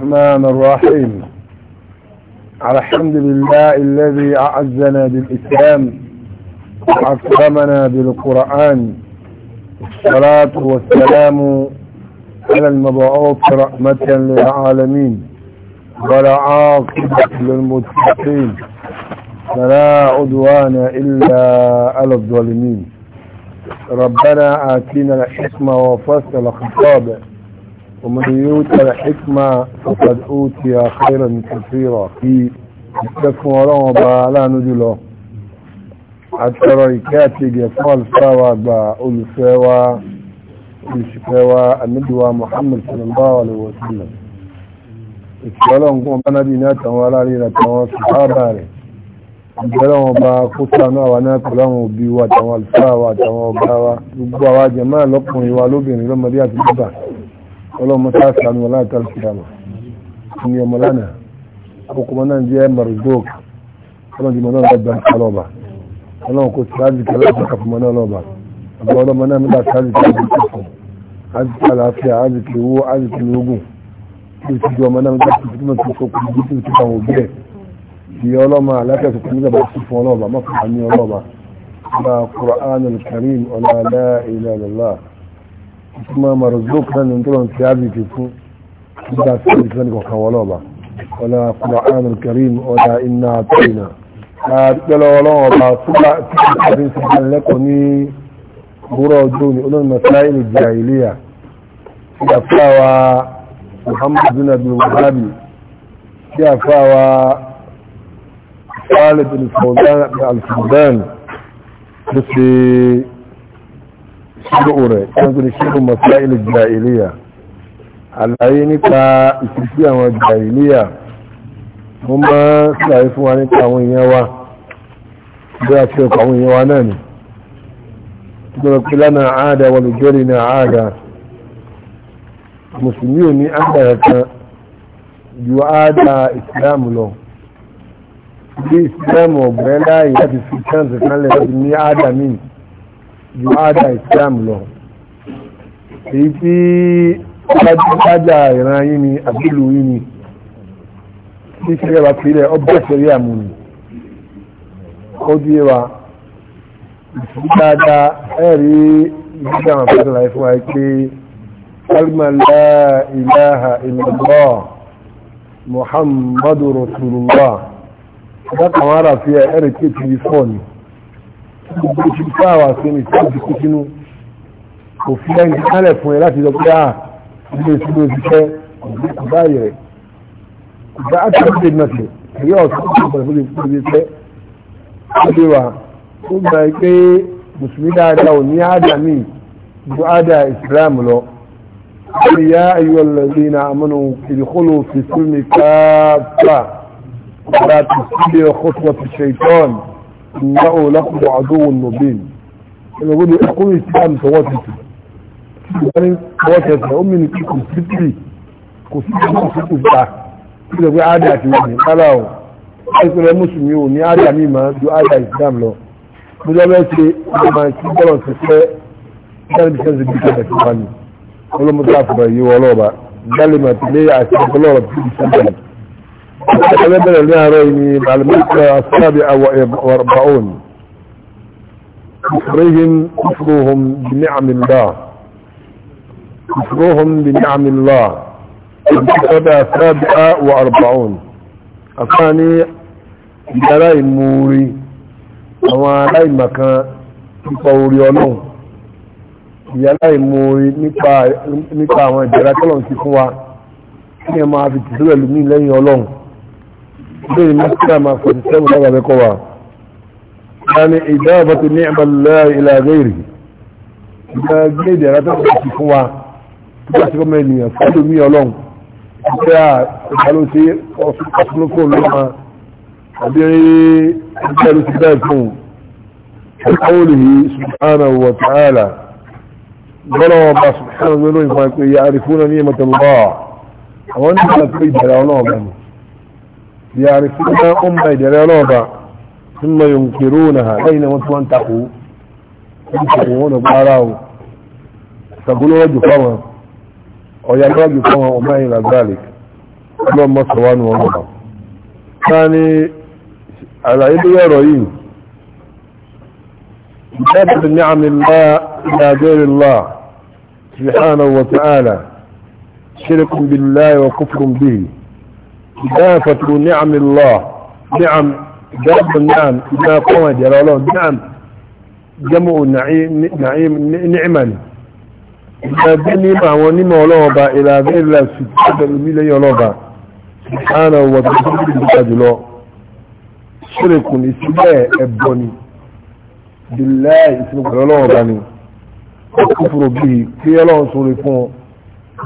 الرحمن الرحيم الحمد لله الذي أعزنا بالإسلام وأكرمنا بالقرآن الصلاة والسلام على المبعوث رحمة للعالمين ولا عاقبة للمتقين فلا عدوان إلا على الظالمين ربنا آتينا الحكمة وفصل خطابه ومن يؤتى الحكمة فقد أوتي خيرا كثيرا في دفن رمضة لا نجله àtọrọ ìkẹ́ àti ìgẹ̀ fún alfáwa gba olùfẹ́wà olùsìfẹ́wà annabiwa muhammad sallallahu alaihi wasallam ìṣọ́lọ́n kún ọba nábi ní àtàwọn aláàrí àtàwọn sùfáàbà rẹ̀ ìjọ́lọ́n ọba kó sánú àwọn náà pẹ̀lú àwọn òbí wa àtàwọn alfáwa àtàwọn ọba wa gbogbo àwọn jẹ̀máà lọ́kùnrin wa lóbìnrin lọ́mọdé àti bíbà ọlọ́mọ sáàsì àmì wọn láti alkiyama ní ọmọ lánàá akọkọmọ náà jẹ́ marzok ọlọ́mọ jùmọ̀ náà lọ́gbà kálọ́ba ọlọ́mọ kò sáàsì kálọ́ba kàfùmọ́ náà lọ́ba àbúrò ọlọ́mọ náà mẹ́ta sáàsì kálọ́ba kàfùmọ́ aziki àlàáfíà aziki owó aziki lógún tí o ti di ọmọ náà mẹ́ta tó tó tó tó kù bí tó ti kàwọn òbí ẹ̀ ìyá ọlọ́mọ àlàáfíà tó kù nígbà bá fún fún àmì ọlọ́ba ọlá kuma marzuk nan ní tó lọ ti á bìí fún nígbà sí ìfẹ́ ní kọ̀kan wọ́n lọ́ba ọ̀la Qur'an al-Karim ọ̀la iná àtọ́yìnà àtẹ́lọ ọlọ́wọ́ ọba fúgbà tí a fi ń sọ̀rọ̀ lẹ́kọ̀ọ́ ní búrọ̀ ọjọ́ ní olóòrùn masáyìn jahiliya tí a fáwa Muhammad bin Abdul Wahabi tí a fáwa Khalid bin Sudan bin Al-Sudan ló ṣe ṣírò rẹ̀ ṣẹ́gun ní ṣírò masáìlì jàìlíyà àlàyé nípa ìfìsí àwọn jàìlíyà mo máa ń ṣàlàyé fún wa nípa àwọn èèyàn wa bí a ṣe ọkọ̀ àwọn èèyàn wa náà ni gbọ́dọ̀ pé lánàá àádá wọn lè jẹ́rìí náà àádá mùsùlùmí ò ní àádá kan ju àádá ìsìlámù lọ bí ìsìlámù ọ̀gbẹ́ láàyè láti fi chance kan lè ní àádá míì ju àdá islam lọ èyí tí alájà ìran yín ni àbílù yín ni tí ìṣẹ̀lẹ̀ bá pilẹ̀ ọgbẹ́ ìṣẹ̀lẹ̀ àmú ni ó di wa dáadáa ẹ̀rí ìgbésẹ̀ àwọn afẹ́sẹ̀ láì fún wa pé kalma la ilaha illallah muhammadu rasulullah dákàwọn ara fi ẹ̀rí kéèkì fọ́ gbogbo ti fáwà sí ní tí wọ́n ti kú sínú kò fi ẹni kálẹ̀ fún ẹ láti lọ pé à ilé ìsinmi òṣìṣẹ́ kò bá yẹ kò bá àti àti ìdènà tẹ̀ ẹ̀yẹ ọ̀sán tó bẹ̀rẹ̀ fún ìpínlẹ̀ ìṣẹ́ ó lè wà ó gbà pé mùsùlùmí dáadáa ò ní àdà míì ju àdà ìsìlám lọ يا أيها الذين آمنوا ادخلوا في السلم كافة ولا تتبعوا خطوة الشيطان إنه لكم عدو مبين أنا أقول أقول إسلام تواتتي يعني تواتتي أمي لكم ستري كسيتي كسيتي بتاع كده بقى عادي أكلمني قال أهو أيكم يا مسلم يو ni عادي أمي ما جو عادي إسلام لو مجابة شيء ما يكون بلون سيسي كان بيسان زبي كده كمان ولو مضاف بقى يو ولو بقى قال لي ما تليه عشان بلون بيسان بلون أتبدل النهرين بالملكة السابعة واربعون كفرهم كفرهم بنعم الله كفرهم بنعم الله الكتابة السابعة واربعون الثاني جراء الموري وعلى مكان فوري ولون ìyálà ìmòrí nípa àwọn ìjẹ́ra tọ́lọ̀ ti fún wa kí ẹ máa fi tìsílẹ̀ lómi lẹ́yìn ọlọ́run بين مسلمة فتسلم لها بقوة يعني إجابة نعم الله إلى غيره ما جيد لا قوة شكوة تبقى شكوة مني أصدقوا مي ألون قالوا سي أصلكوا لما أبيعي قالوا سيداتهم قوله سبحانه وتعالى قالوا الله سبحانه وتعالى يعرفون نعمة الله وأنت لا تريد على الله يعرفون أمة جلالوبة ثم ينكرونها أين وانتوا انتقوا ينكرون بأراو تقولوا وجه فما ويعني وجه فما وما إلى ذلك اللهم صوان ومضى ثاني على يد يروين كتابة نعم الله إلى دير الله سبحانه وتعالى شرك بالله وكفر به إضافة نعم الله نعم جاب النعم إذا قوى جلاله نعم جمع نعيم نعيم نعما إذا بنما ونما ولوبا إلى غير الله سبحانه الميلة يولوبا سبحانه وتعالى بجلاله شرك إسماء أبوني بالله إسمك يولوباني وكفر به كي يلون سوري فون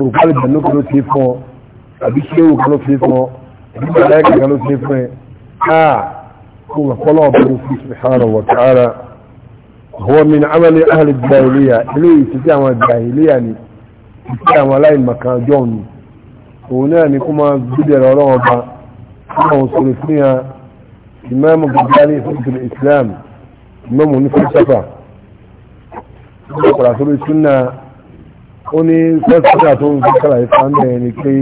وقال بنوك لو تيفون أبي شيء وكالو تيفون nígbà láìka kan ló ṣe fún ẹ káà kó wà kọ́lọ́ ọ̀bẹ̀rẹ̀ sí subhanahu wa ta'ala هو من عمل أهل الجاهلية إليه تتعمل الجاهلية تتعمل لين مكان جوني òun ni kó máa gbídẹ̀rẹ̀ ọlọ́wọ́ bá ọmọ òṣèlú fún ya ìmáàmù gbígbárí ìfẹ́sìlẹ̀ islam ìmáàmù ní fẹ́sọ́fà ọkọ̀rọ̀ àtúrí súnà ó ní fẹ́sọ́fà tó ń fi kára ìfà ń bẹ̀rẹ̀ ni pé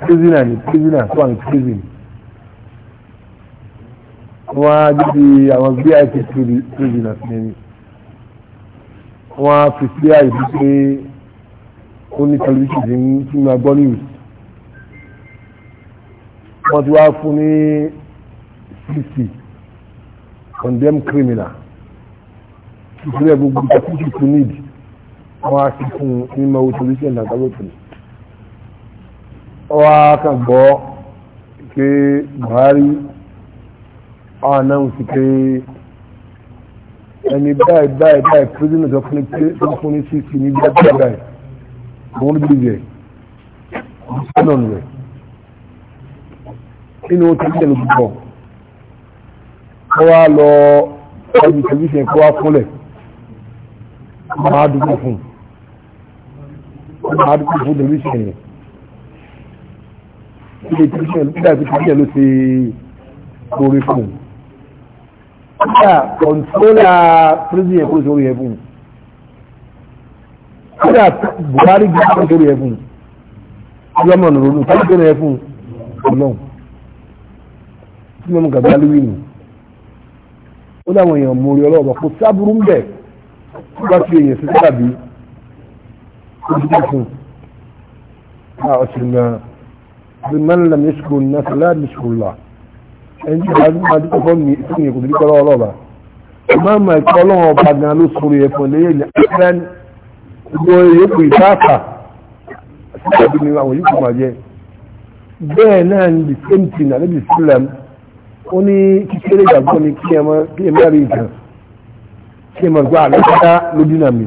prisoner ni prisoner tó wà ní prison wọ́n á jíbi àwọn vip prisoners ní ẹni wọ́n á fi sí àìsí pé ó ní tẹlifíṣì tí ń tún máa gbọ́ news wọ́n ti wá fún ní cc condemned criminal ìpínlẹ̀ gbogbo ìtàkùn tuntun nídìí wọ́n á sì fún un ní mọ́wó tẹlifíṣì ẹ̀dá gbọ́dọ̀ tẹlifíṣì wa kan gbọ́ pé buhari announce pé ẹni báyìí báyìí báyìí president of fúnni sí sí ní báyìí báyìí àwọn olùdíje ọ̀sánà rẹ̀ nínú tẹ̀lé púpọ̀ kọ́ wá lọ ọdún tẹ̀lé kọ́ wá fúnlẹ̀ máa dúpọ̀ fún máa dúpọ̀ fún tẹ̀lé yẹn ilé tìrìṣẹ́ ló ti orí fún un kọ́dà kọ̀ǹtólà prison yẹn kó sórí ẹ̀ fún un kọ́dà Buhari gbé kó sórí ẹ̀ fún un ọlọ́mọ nìrònú tó gbé ẹ̀ fún un ọlọ́run tí mo mú gàdá lórí nù ó dáwọn èèyàn mórí ọlọ́ọ̀bà kò sábúrú ń bẹ̀ tó bá fi èèyàn sí ó dúró fún un. Ah, ọ̀sìn náà man lam yashkur nas la yashkur Allah en ti ba ma di ko mi ti ko di ko lo ba ma ma ko lo ba gan lo suru e fún le ni akran go e ku itafa ti bi ni wa yi ko ma je be na ni same thing na bi islam oni ti kere ga go ni ki e ma ki e ma ri kan ki e ma gba lo ta lo dinami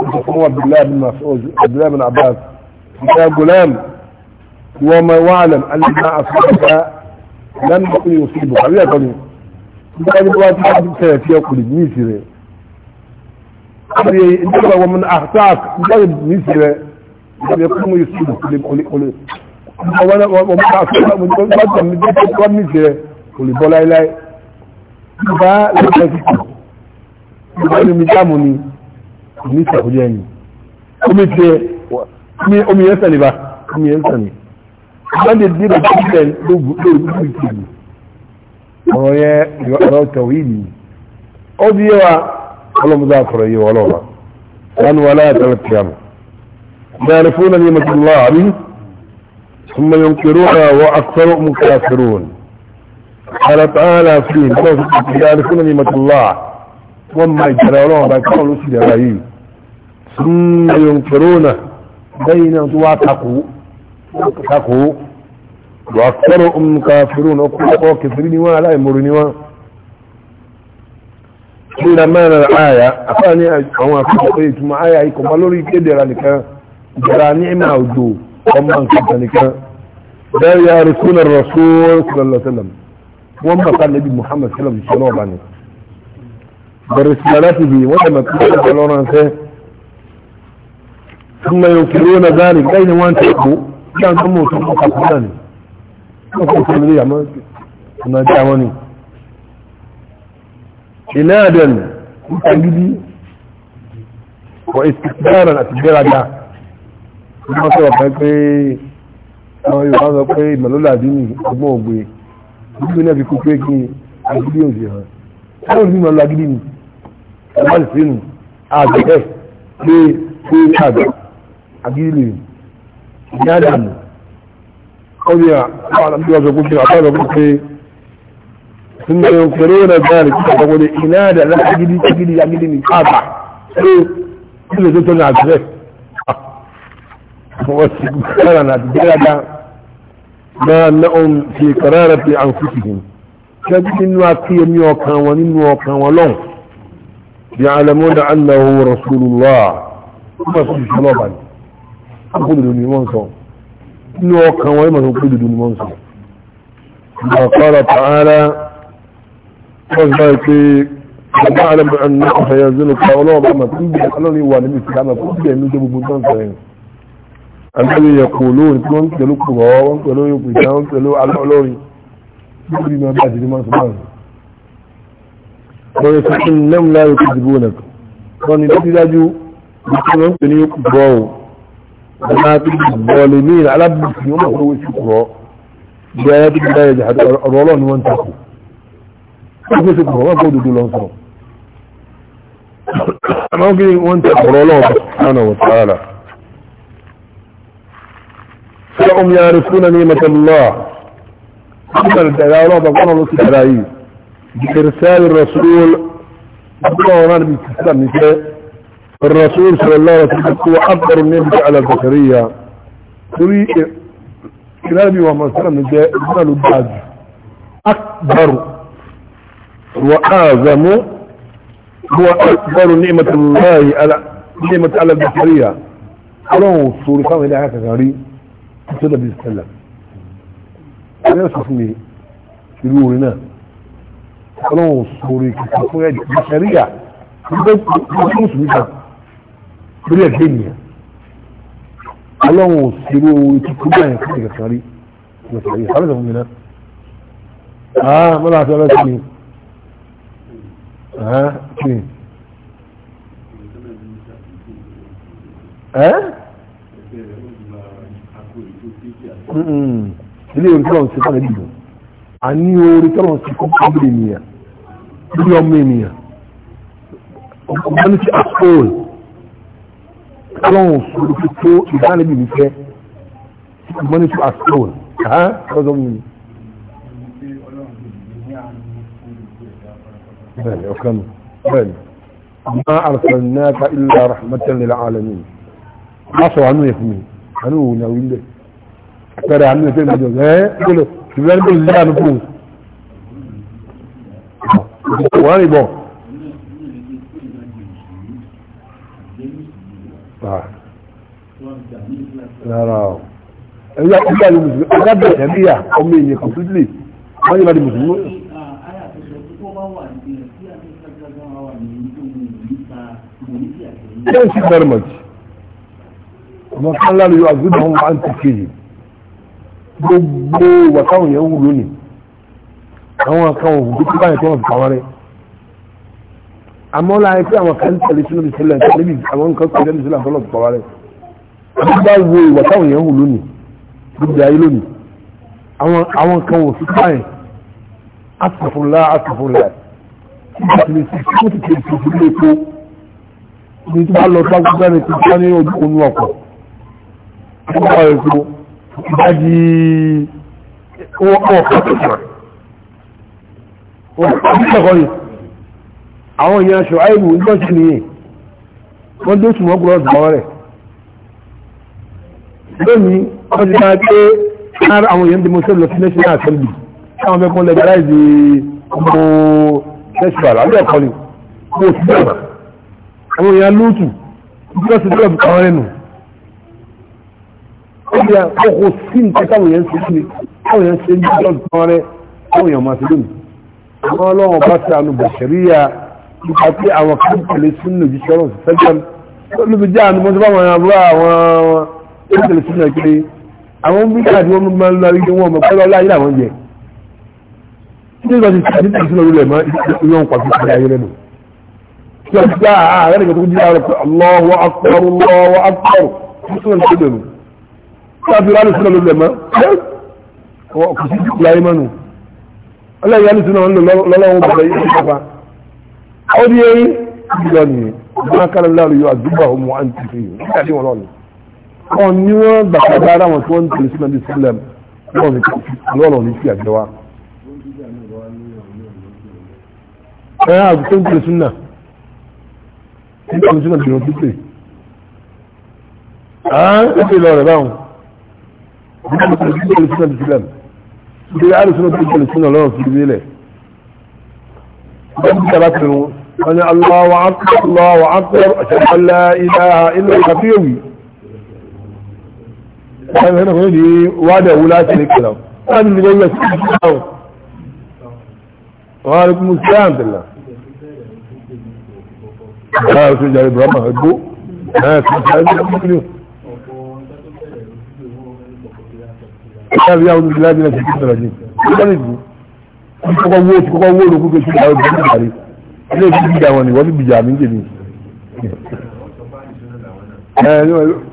هو عبد الله بن مسعود عبد الله بن عباس يا غلام وما يعلم ان ما اصابك لم يكن يصيبك يا كريم يعني بلاد حد سيف يقول ميسر قال انت ومن احتاك قال ميسر لم يكن يصيبك لم يقول وانا وما اصابك من بلاد من بلاد ميسر قل بلا لا لا لا لا لا لا ní ìṣàkójẹ́ ẹ̀yìn omi tiẹ̀ omi yẹn sàn ní bá omi yẹn sàn ní sunday dín bá tún bẹ́ẹ̀ lóògùn lóògùn ìkìlì ọ̀rọ̀ yẹn ọ̀rọ̀ tawhid ni ó di yẹwa ọlọ́mọdé àkọ̀rọ̀ yẹwa ọlọ́wà wọn wà láyà tẹ́lẹ̀ tìyàmù bẹ́ẹ̀ni fún ẹni mọ̀tòlá àbí ثم ينكرون وأكثرهم كافرون قال تعالى فيه يعرفون نعمة الله وما يجرى لهم بكون سجرائي ثم ينكرونه بين تواتقوا تقوا واكثرهم كافرون وكفروا كفرين ولا يمرني وان قيل معنى الآية أفاني أهو أفضلت مع آية إيكم فلوري كدر لك جرى نعمة ودو ومن كنت لك لا يعرفون الرسول صلى الله عليه وسلم وما قال نبي محمد صلى الله عليه وسلم برسالته وما كنت لك ثم ينكرون ذلك اين وان تبقوا كان ثم وصفوا قبلاني وكنت لي عمان انا دعواني عنادا متعجدي واستكبارا اتجارة دع ثم صرف بكري àwọn yorùbá sọ pé ìmọ̀lọ́lá àdínì ọgbọ́n ògbé ìdílé náà fi kú pé kí agídí òsì hàn táwọn ìlú ìmọ̀lọ́lá agídí ni ọgbọ́n ìsínú àgbẹ̀ pé pé àgbẹ̀ àgílì ìyádàmù ọdí àwọn وسكبرنا تجلدا ما لهم في قرارة أنفسهم كذب واقي يوكا ونين وكا ولون يعلمون أنه رسول الله ثم سبحانه akódodo ni wọ́n sọ inú ọkàn wọn ìmọ̀ akódodo ni wọ́n sọ àkọ́rọ̀ tààrà wọ́n sọ pé ọba àlẹ́bọ̀ ẹ̀nà ọ̀fẹ́yẹ zínú pa ọlọ́ọ̀bá mà tí bí ọlọ́rin wà níbi ìsìlá mà fún bí ẹ̀mí tó gbogbo tán sọ̀rọ̀ àgbẹ̀lẹ̀ yẹ kò lóòrùn tí wọ́n pẹ̀lú kò rọ̀ wọ́n pẹ̀lú yòókù ìjà wọ́n pẹ̀lú ọlọ́rin lórí ní ọba àti ìdímọ̀ sọ̀rọ̀ ní yòókù الظالمين على ابنك يوم هو شكرا بآيات الله يجحد الرولون وانتقوا أبنك شكرا ما قولوا دول أنصار أنا أقول وانتقوا رولون سبحانه وتعالى فهم يعرفون نعمة الله أمر الدلالة بقنا الله سبحانه بإرسال الرسول أبنى ونان بإتسلام نساء الرسول صلى الله عليه وسلم هو أفضل النبي على البشرية تري كلامي ومسلم جمال الدعج أكبر وأعظم هو أكبر نعمة الله على نعمة على البشرية قالوا سوري قام إلى عاكا غري صلى الله عليه وسلم أنا أسفني شرورنا ألو سوري كتابة بشرية مش مش lórí ẹgbẹ́ ènìyàn ọlọ́run ò sí irú ikú tó báyẹn fún ìgbà kan rí ìgbà kan rí ìsàlẹ̀ ìsàfún mi náà ah mọ́lá àti ọlọ́sìn mi ah kí ni ẹ́ ilé orí tọ́lọ̀ ń ṣe fún ẹ̀dùn a ní orí tọ́lọ̀ ń ṣe fún ẹ̀dùn lórí ọmọ ènìyàn ọmọ ní ti àpòl ọlọ́run sọ̀rọ̀ tó ìdánilẹ́bì mi fẹ́ money to as own ọjọ́ mi ni. bẹ́ẹ̀ni ọ̀kan bẹ́ẹ̀ni ma arsalnaka illa rahmatan lil alamin má sọ àánú ẹ̀fún mi àánú òun náà wílẹ̀ pẹ̀rẹ̀ àánú ẹ̀fẹ́ ìgbàjọ ẹ̀ gbọ́dọ̀ ìgbàlẹ́bẹ̀ ìlú àánú fún un. wọ́n rí bọ̀ rárá o ẹ̀yà ìgbà ni mùsùlùmí agbábẹ̀ ẹ̀míyà ọmọ èèyàn completely wọ́n yíba di mùsùlùmí. thank you very much ọmọ kan lára yóò àgbébọn wọn wá ti kéjì gbogbo wàtáwọn yẹn wù lónìí àwọn akáwọn òkú tó báyìí tó wọn fi pàwọn àmọ́ láyé pé àwọn kan tẹ̀lé sínú ìṣẹ̀lẹ̀ tẹ̀lé bí àwọn nǹkan tẹ̀lé sínú àtọ́lọ́ fi bá wo ìwà táwọn èèyàn hù lónìí gbogbo ayé lónìí àwọn kan ò fi káyìn asàfúnlá asàfúnlá nígbà tí mo ti tẹ̀lé tuntun ní epo ní tí wọ́n lọ bá gbogbo ẹni tó bá ní ojú onú ọkọ̀ wọ́n bá epo ìdájí wọ́n kọ́ ọ̀kan tó sàn wọ́n kọ́ ọ̀kan tó sàn àwọn èèyàn aṣọ àìlú ìjọ́sìn nìyẹn wọ́n dé oṣù mọ́kúrọ̀ ọ̀dùnmọ́ rẹ̀ lónìí wọ́n ti dá pé ara àwọn èèyàn demonstrate lọ sí national assembly táwọn fẹ́ kún legalize ọmọ sexual àbí ẹ̀kọ́ ni kó o ti dàgbà àwọn èèyàn lóòtù bí wọ́n ti dọ́lọ̀ bí káwọn rẹ̀nu ó yà kókó sí nǹkan táwọn èèyàn ṣe kiri táwọn èèyàn ṣe ń bí dọ́lọ̀ bí káwọn rẹ̀ táwọn èèyàn máa ṣe lónìí àwọn ọlọ́wọ́n bá ṣe àánú bẹ̀ṣẹ̀ríyà nípa pé àwọn kan tẹ̀lé sínú ìjíṣẹ́ ọlọ́run fẹ́ lóbi jẹ́ àánú mọ́tò báwọn àwọn ó tẹ̀lé sínú ẹ̀ pé àwọn mídíà tí wọ́n máa ń lọ ilé wọn ọmọ pẹ́lú ọlá ayé làwọn jẹ títí lọ sí tàbí tàbí sínú orílẹ̀ mọ́ ìyọ̀n pàtó ìpàdé ayé lẹ́nu tí wọ́n ti gbá àárẹ̀ nìkan tó ń jíra rẹ̀ pé Allahu Akbar Allahu Akbar tó sọ̀rọ̀ ní ìdẹ̀nu tí wọ́n fi rálẹ̀ sínú orílẹ̀ mọ́ kò sí ìkùlá ayé mọ́nu ọlọ́yìn alùsùn náà ń lò lọ́lọ́wọ́ bọ̀rọ̀ yìí ṣe fa ó ní eyín ìjọ nìyẹn ìgbọ́n akálẹ̀ láàrú yóò àdúgbò àwọn ọmọ àǹtí fi yìí nígbà tí wọ́n lọ́ọ̀lù wọn ní wọn gbàgbà ara wọn tí wọn ń tẹ̀lé sí nàbí sílẹm wọn ní lọ́rọ̀ ní sí àjẹwà. ẹ á tó ń tẹ̀lé súnà ń tẹ̀lé súnà bìrọ̀ pípé à ń tẹ̀lé lọ rẹ̀ báwọn bí wọn tẹ̀lé sí tẹ̀lé sí nàbí sílẹm bí a lè súnà tó tẹ̀lé súnà lọ́rọ̀ sí ibi lẹ̀. wọ́n ti tẹ̀lé àtẹ̀wọ̀n wọn ni aláwọ̀ akọ̀ aláwọ̀ akọ̀ ṣẹ̀dá ilá ilé ìkàfíyèwì wọ́n yẹn kò ní wádà wú láti ní kìlọ̀ wọ́n ní nígbà yẹ sí ìdáhùn wọ́n á rí kúmú sí àǹtìlá wọ́n á rí kúmú jàre burama ẹgbó ẹ̀ kí n sáré ní kúmú ìṣàlùyà ọdún ìlàjì náà ti kí sọ̀rọ̀ jù wọ́n ní kọ́kọ́ wó ti kọ́kọ́ wó lókùn tó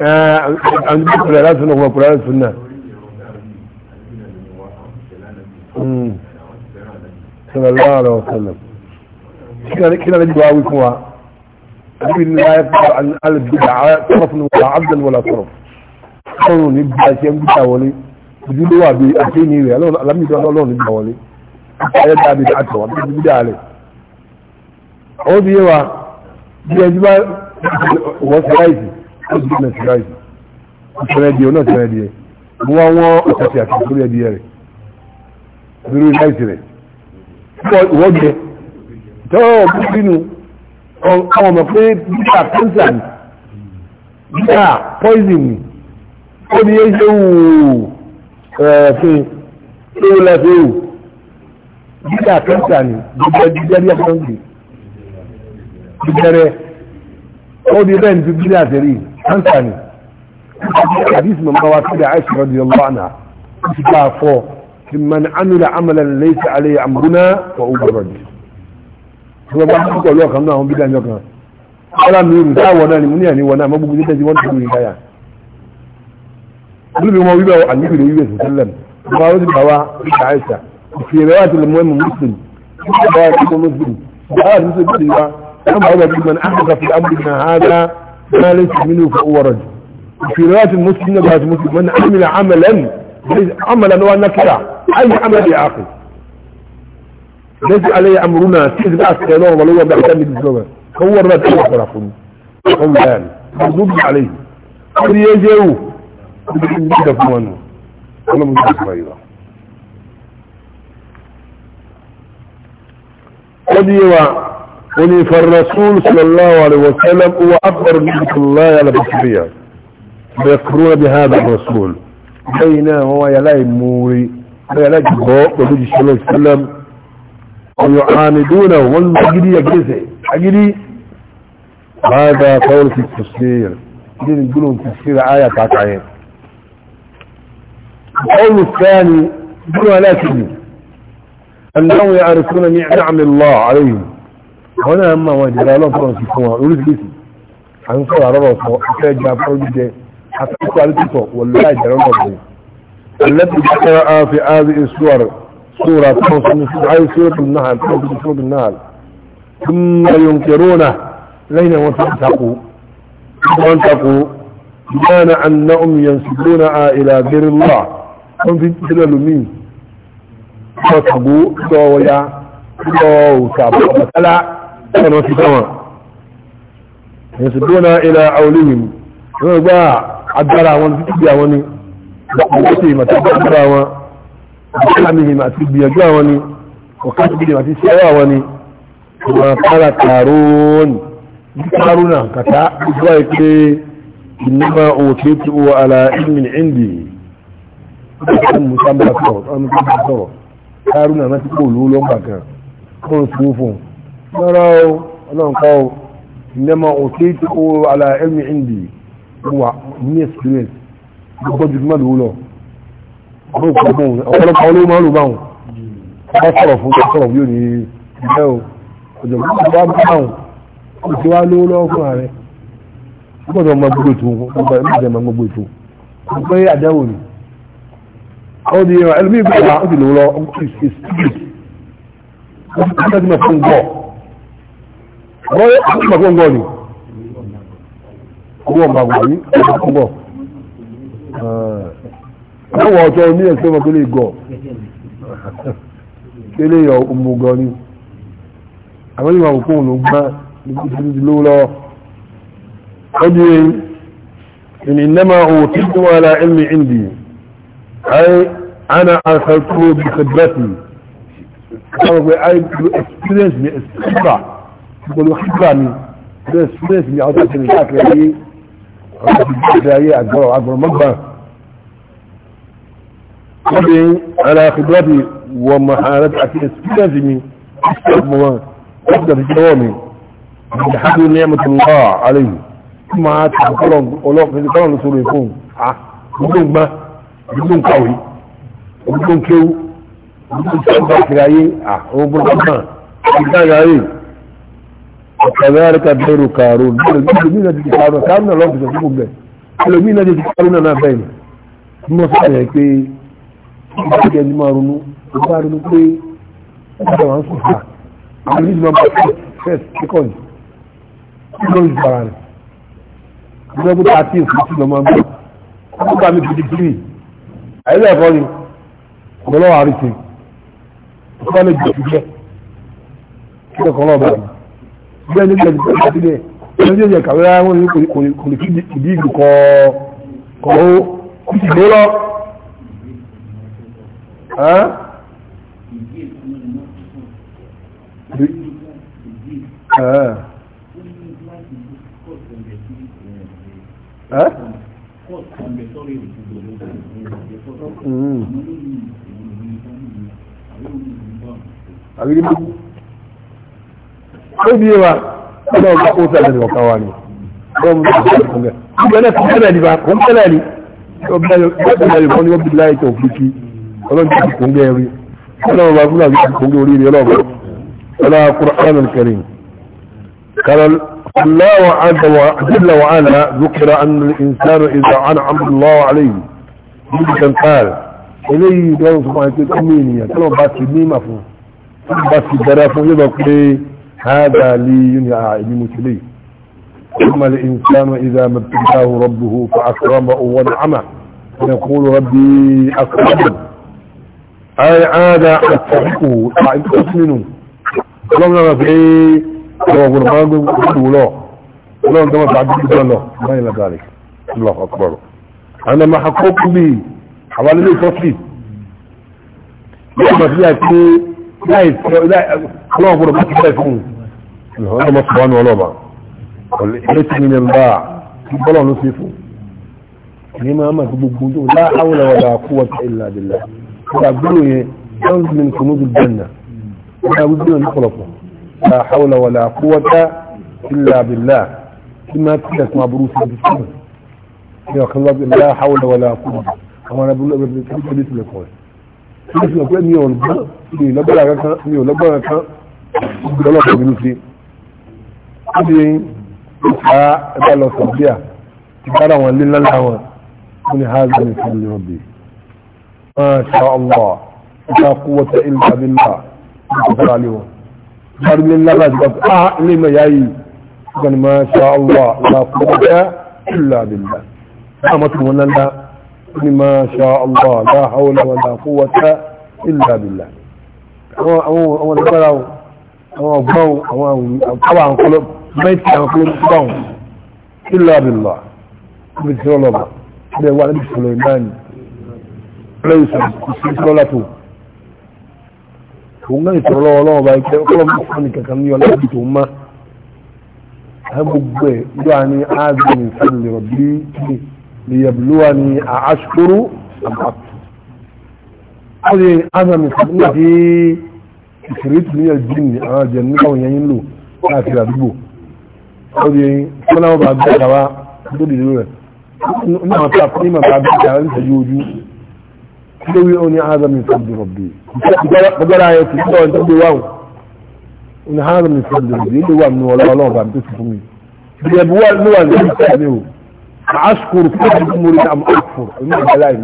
an bi kula da sunna kuma kula da sunna sallallahu alaihi wasallam kina kina da jawabi kuma abin la yaqba an al bid'a taraf wa 'abdan wala taraf sanu ni ba se ngi tawole bidilu wa bi akini re Allah Allah mi do Allah ni tawole ayé da bi da to wa bi da ale o bi wa bi e ba wa sai ó ti bẹ̀rẹ̀ síláìsì ọ̀sẹ̀rẹ̀ díẹ̀ náà sẹ̀rẹ̀ díẹ̀ mo wá wọ́n ọ̀sẹ̀sẹ̀ àti ìtòrí ẹ̀dí rẹ̀ lórí láìsì rẹ̀ ìwọ́ jẹ tọ́wọ́ ọ̀bí sínú ọmọ mọ̀ pé bíkà kẹ́ńsà ni bíkà poison ni ó ní ẹ̀ṣẹ̀ wù ẹ̀ẹ́fín tó lẹ́fẹ́ wù bíkà kẹ́ńsà ni jíjẹ́ rí ẹ̀fọ́n jù jíjẹrẹ ó ní bẹ́ẹ̀ ní bíkà tẹ̀lé yìí kansa ne hadisi mai mawa ta da aisha radiyallahu anha su ta fo man amila amalan laysa alayhi amruna fa ubrad kuma ba su ko lokan na hon bidan lokan ala mi mu da wona ni muniya ni wona ma bugu da ji won tudu ni kaya kullu ma wiba an yi da wiba sallam ba wani bawa da aisha fi riwayatul mu'min muslim ba ya muslim ba ni su bidiwa amma ba man ahdatha fi amrina hada ما ليس منه فهو رجل في رواية المسلم نبهة المسلم من عمل عملا عملا ونكرا أي عمل يعقل ليس عليه أمرنا سيد يا نور ولو بأحكام الإسلام هو الرد يخرفون قولان مضوب عليه قل يجيو بدين بيدا فمانو ولا وني فالرسول صلى الله عليه وسلم هو أكبر من الله على بشرية ويكفرون بهذا الرسول بينا هو يلاي موري ويلاي جبوك ويجي صلى الله عليه وسلم ويعاندونه والمجري يجلسه أجري هذا قول في التفسير دين يقولون تفسير آية تعتعين القول الثاني يقولون لا تجي أنهم يعرفون نعم الله عليهم àwọn náà mọ àwọn ìdíra ọlọ́pàá ti fún wọn oríṣiríṣi à ń sọ̀rọ̀ àrọ́rọ̀ sọ afẹ́ gba afọ́rọ́jíjẹ afẹ́kọ́ alítìsọ̀ wọlé àìjẹrọ ọlọ́pàá التي تقرأ في هذه السور سورة أي سورة النحل سورة النحل ثم ينكرونه لين وتنتقوا وانتقوا بمعنى أنهم ينسبونها إلى غير الله هم في تلال مين وتقوا سويا سوى وتابوا مثلا ẹ̀rọ fi kọ́ wọn yẹ̀sùdúnà ilẹ̀ àwòlíyìn wọ́n gbá agbára wọn títí bí àwọn ni ọ̀pọ̀lọpọ̀ ìmọ̀ tó bá agbára wọn ìsìlámi ìmọ̀ àti gbìyànjú àwọn ni ọ̀kásí ìmọ̀ àti sẹ́wọ́ àwọn ni wọ́n fara kàrún ní kárúnà kàtà ìjọ ìpé ìnáma òkè tí ó ala ìmìn ìndì kárúnà náà ti kó lóòlọ́gbà kan kọ́ lọ́rọ̀ o ọlọ́nkọ́ o ìnẹ́mọ̀ òtí tí ó ala ilmi indi wà ní experience gbogbo jù mọ́lù lọ ọ̀pọ̀lọpọ̀ olóòmọ́ olùbáhùn ọba sọ̀rọ̀ fún sọ̀rọ̀ yóò ní ìgbẹ́ o ọjọ́ bá báhùn ó ti wá lówó lọ́wọ́ fún ààrẹ gbọ́dọ̀ mọ gbogbo ètò ìgbàjẹ́ mọ gbogbo ètò pé àdáwò ni ó di ẹlòmíì gbọ́dọ̀ ó ti lówó lọ́wọ́ ó ti sí ìgbẹ́ wọ́n àtúgbà gbọ́ngbọ́ ni owó ọmọ àgbà yìí ọmọ gbọ́ngbọ́ ẹwọ ọ̀tọ̀ ní ẹ̀sẹ̀ ọmọ kele gọ̀ kele yọ ọmọ gọ̀ ni àwọn ìwà òkú òun ló ń gbá níbi tí ti lówó lọ́wọ́ ó di ìní nẹ́mà owó tí tí wọ́n ara ìndì ayé ana asàkúrò bí sẹ́gbẹ́sì káwọn pé ayé experience ní ẹ̀sẹ̀ gbogbo ṣígbà mi bẹ́ẹ̀ sílẹ̀sì ni àwọn tó ṣe lè káàkiri ayé ọ̀rọ̀ ti bá ṣe ayé àgbọ̀rọ̀ àgbọ̀rọ̀ mọ́gbà wọ́n ní ara ṣùgbọ́dì wọ mahara àti ẹ̀sìlẹ̀sì mi ṣíṣẹ́ wọn wọ́n ti dàbí jẹ́wọ́ mi ìdáhàdù ní ẹ̀mọ̀tò lọ́ àlẹ́yìn tí máa ta ọlọ́run ló sọ̀rọ̀ ìfún à gbogbo ń gbá gbogbo ayé à òun gbogbo ń gbà ah, ìgbà وكذلك دير كارون مين الذي كارون كارون لو بتجيبه بين قالوا مين الذي كارون انا بين mo sáré pé ìgbàgbé ẹni máa ronú ó bá ronú pé ẹgbẹ́ wọn sùn fà á ní ìgbà bá first second second ìgbàra rẹ̀ ìgbà bó ta tí èsì ìsìn ọmọ gbà ó bá mi gidi gidi àyẹ̀lẹ̀ ẹ̀kọ́ ni ọmọlọ́wọ́ àríṣe ó bá lè jẹ́ ìjẹ́ kí ọkọ̀ ọlọ́ọ̀bá mi bẹ́ẹ̀ nígbà tí wọ́n ti dẹ̀ wọ́n yóò yẹ kàwé rárá wọn yóò kò lè fi ìdí ìlú kọ́ kọ́ ó kò sì gbé lọ. Àwọn ilé mú lóbi wa ọ̀nà ọ̀gá ó sẹ̀lẹ̀ ní ọ̀ká wa ni ọmọ ìgbẹ́lẹ̀ kò sẹ́lẹ̀ ní ba kò ń sẹ́lẹ̀ ní ọ̀bẹ̀lẹ̀ kò ní ọ̀bí láì tó fi kí ọlọ́dún ti kún gẹ́ rí ọlọ́run bá fún àgbẹ̀ kò ń gẹ́ orí rí ọlọ́run ọlá kúrọ̀án kẹrin kàrọ̀ الله جل وعلا ذكر أن الإنسان إذا أنعم الله عليه ممكن قال إليه دون سبحانه وتعالى أمينيا كانوا باتي ميمة فيه باتي درافه يبقى هذا لي يا مثلي ثم الإنسان إذا ما ابتلاه ربه فأكرمه ونعمه يقول ربي أكرم أي عاد أستحقه فإن تؤمنوا اللهم لما في إيه هو غربان قلوا له اللهم كما تعجب له ما إلى ذلك الله أكبر أنا ما حقوق لي حوالي لي فصلي لما فيها كي لا يتكلم لا غربان لا يفهمه ìlọ́wọ́ ọmọ sọ̀rọ̀ ní ọlọ́ba ọ̀lẹ́tì ní ẹ̀mbà tí bọ́lọ̀ ló fi fún ní máa máa fi gbogbo tó láàáwọ̀lá wàlá kú wọ́ta ìlà dìlà ó dà gbúrò yẹn jones min kùnú ti dẹ̀nà ó dà gbúrò yẹn lọ́pọ̀lọpọ̀ láàáwọ̀lá wàlá kú wọ́ta ìlà dìlà tí máa ti dẹ̀kun aburú sí ibi sílẹ̀ ní ọ̀kan wá bíi láàáwọ̀lá wàlá kú wọ́ta àwọn aburú lọ́pọ̀lọpọ̀ tí wọ́n ti tilẹ̀ kọ́ ẹ̀ mi ò lọ́gbọ́n kan mi ò lọ́gbọ́n kan níbi ìta ẹgbẹ́ lọ sọ̀bíà ìgbára wọn lílọ́lá wọn wọn ni hajj ní fún mi rọ̀bì masha allah ìta quwwata illa billah ní kò fara lé wọn ìgbára lílọ́lá láti gbà pé ah ilé ìmọ̀ yá yìí wọn ni masha allah ìta quwwata illa billah náà mọ́tò wọn lọ́lá wọn ni masha allah la hawla wala quwwata illa billah àwọn àwọn àwọn ìgbára àwọn ọgbọ́n àwọn àwọn àkọlọ́pù mẹ́tì àwọn kúló tó bá wọn ìlú àbìlá níbi tí wọ́n lọ́ba ilé wa níbi ìṣòro ìmáàní lẹ́yìn sọ̀rọ̀ kò sí ìṣòro látò òun náà ìṣòro lọ́wọ́ lọ́wọ́ bá ikẹ́ ọlọ́mọ fún mi kankan ní ọlọ́wọ́ bí tòun má ẹ gbogbo ẹ̀ ló wà ní áàbìn ìṣẹ̀lẹ̀ rọ̀ bí lìyàbùlúwa ní àṣkúrú àbàtù ọdún fúnnáwó bá gbé àdáwà tó dìde rẹ̀ náà ta fún ìmọ̀ bá gbé àdáwà ní ìṣẹ́jú ojú lórí oní azami fúnbi rọ̀bì gbọ́dọ̀ ayé ti tọ́ ẹni tó gbé wáhùn oní azami fúnbi rọ̀bì ilé wà nínú ọlọ́ọ̀lọ́ bá tó ti fún mi ìdí ẹ̀bù wà ló wà ní ìṣẹ́ mi o mà á sùkúrù fún ẹni tó mórí àmọ́ àfọ̀ èmi ìgbà láì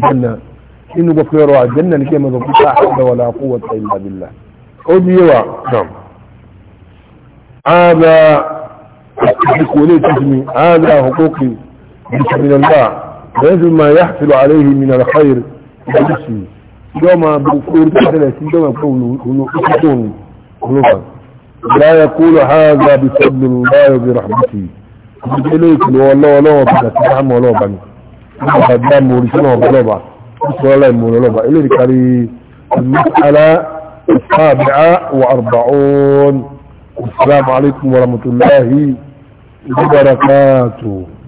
mórí kọ́ inú gbọ́ pé ọrọ̀ àjẹ́nà ní kí ẹ mọ̀ sọ pé káàkiri wà láàkú wọ́ta ìlà bìlà ó di yíwa náà ààbà àtìkò lè tẹ́sí mi ààbà àkókò bìtìmìnàlá bẹ́ẹ̀sì ma yá sílò àléhì mi nàlá káyìr ìdíṣì yóò máa bú orí tẹ́lẹ̀ sí yóò máa fún olùkútóòlù olùkà láyé kúlò ààbà bìtìmì láyé bí rahmatì ìdílé ìkìlọ̀ ọlọ́ọ̀lọ́ọ̀ bàtà sí àmọ́ ọlọ́ọ̀bà ni ولا المولوبة إليه ذكري المسألة السابعة وأربعون السلام عليكم ورحمة الله وبركاته